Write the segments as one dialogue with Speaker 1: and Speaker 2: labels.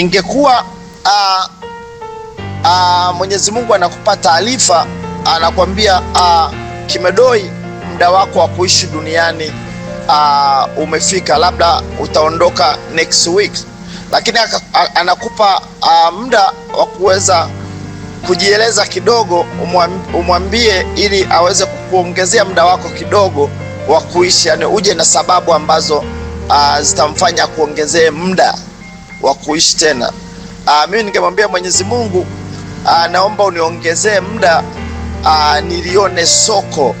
Speaker 1: ingekuwa uh, uh, Mwenyezi Mungu anakupa taarifa, anakuambia uh, Kimedoi, muda wako wa kuishi duniani uh, umefika, labda utaondoka next week, lakini anakupa uh, muda wa kuweza kujieleza kidogo, umwambie ili aweze kukuongezea muda wako kidogo wa kuishi, yani uje na sababu ambazo uh, zitamfanya kuongezee muda wa kuishi tena. Ah, mimi ningemwambia Mwenyezi Mungu, ah, naomba uniongezee muda ah, nilione soko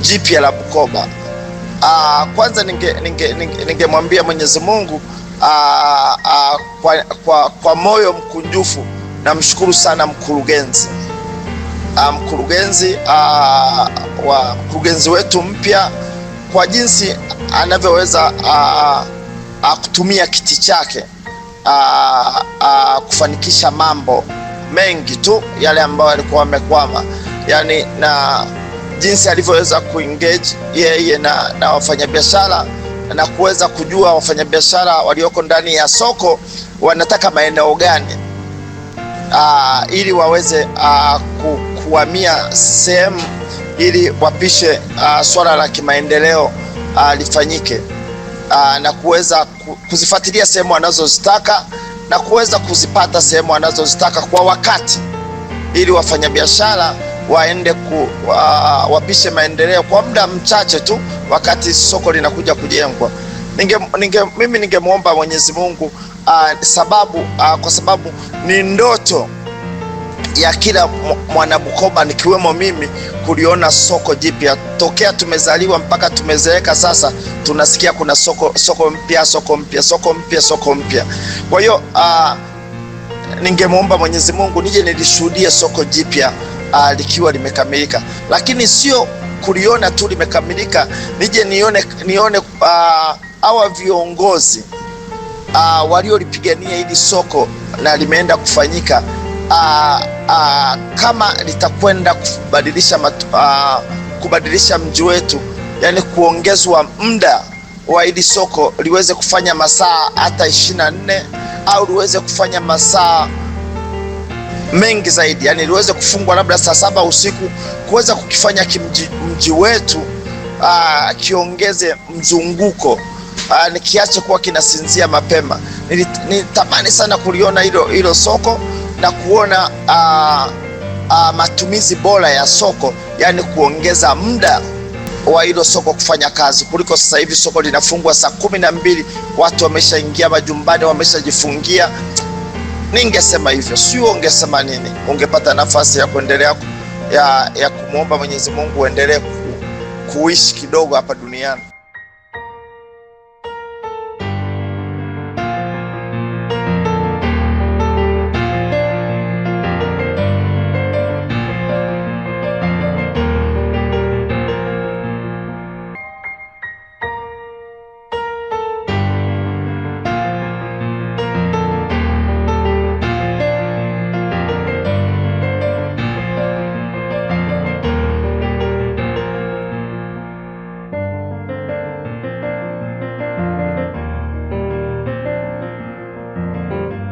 Speaker 1: jipya la Bukoba. Aa, kwanza ningemwambia ninge, ninge, ninge Mwenyezi Mungu aa, aa, kwa, kwa, kwa moyo mkunjufu namshukuru sana mkurugenzi aa, mkurugenzi aa, wa mkurugenzi wetu mpya kwa jinsi anavyoweza kutumia kiti chake a, a, kufanikisha mambo mengi tu yale ambayo alikuwa amekwama, yani na jinsi alivyoweza kuengage yeye na, na wafanyabiashara na kuweza kujua wafanyabiashara walioko ndani ya soko wanataka maeneo gani, ili waweze ku, kuhamia sehemu ili wapishe swala la kimaendeleo lifanyike. Ah, na kuweza kuzifuatilia sehemu anazozitaka na kuweza kuzipata sehemu anazozitaka kwa wakati, ili wafanyabiashara waende ku, wa, wapishe maendeleo kwa muda mchache tu, wakati soko linakuja kujengwa. Ninge, ninge, mimi ningemwomba Mwenyezi Mungu uh, sababu uh, kwa sababu ni ndoto ya kila mwanabukoba nikiwemo mimi kuliona soko jipya. Tokea tumezaliwa mpaka tumezeeka sasa, tunasikia kuna soko soko mpya soko mpya soko mpya soko mpya. Kwa hiyo uh, ah, ningemwomba Mwenyezi Mungu nije nilishuhudie soko jipya uh, likiwa limekamilika, lakini sio kuliona tu limekamilika, nije nione, nione uh, viongozi uh, waliolipigania hili soko na limeenda kufanyika uh, aa, ah, kama litakwenda kubadilisha, aa, ah, kubadilisha mji wetu, yani kuongezwa muda wa ili soko liweze kufanya masaa hata 24 au liweze kufanya masaa mengi zaidi, yani liweze kufungwa labda saa saba usiku kuweza kukifanya kimji, mji wetu aa, ah, kiongeze mzunguko nikiache kuwa kinasinzia mapema. Nilitamani sana kuliona hilo hilo soko na kuona uh, uh, matumizi bora ya soko, yani kuongeza muda wa hilo soko kufanya kazi kuliko sasa hivi soko linafungwa saa kumi na mbili, watu wameshaingia majumbani, wameshajifungia. Ningesema hivyo, si ungesema nini? Ungepata nafasi ya kuendelea ya, ya kumwomba Mwenyezi Mungu uendelee kuishi kidogo hapa duniani.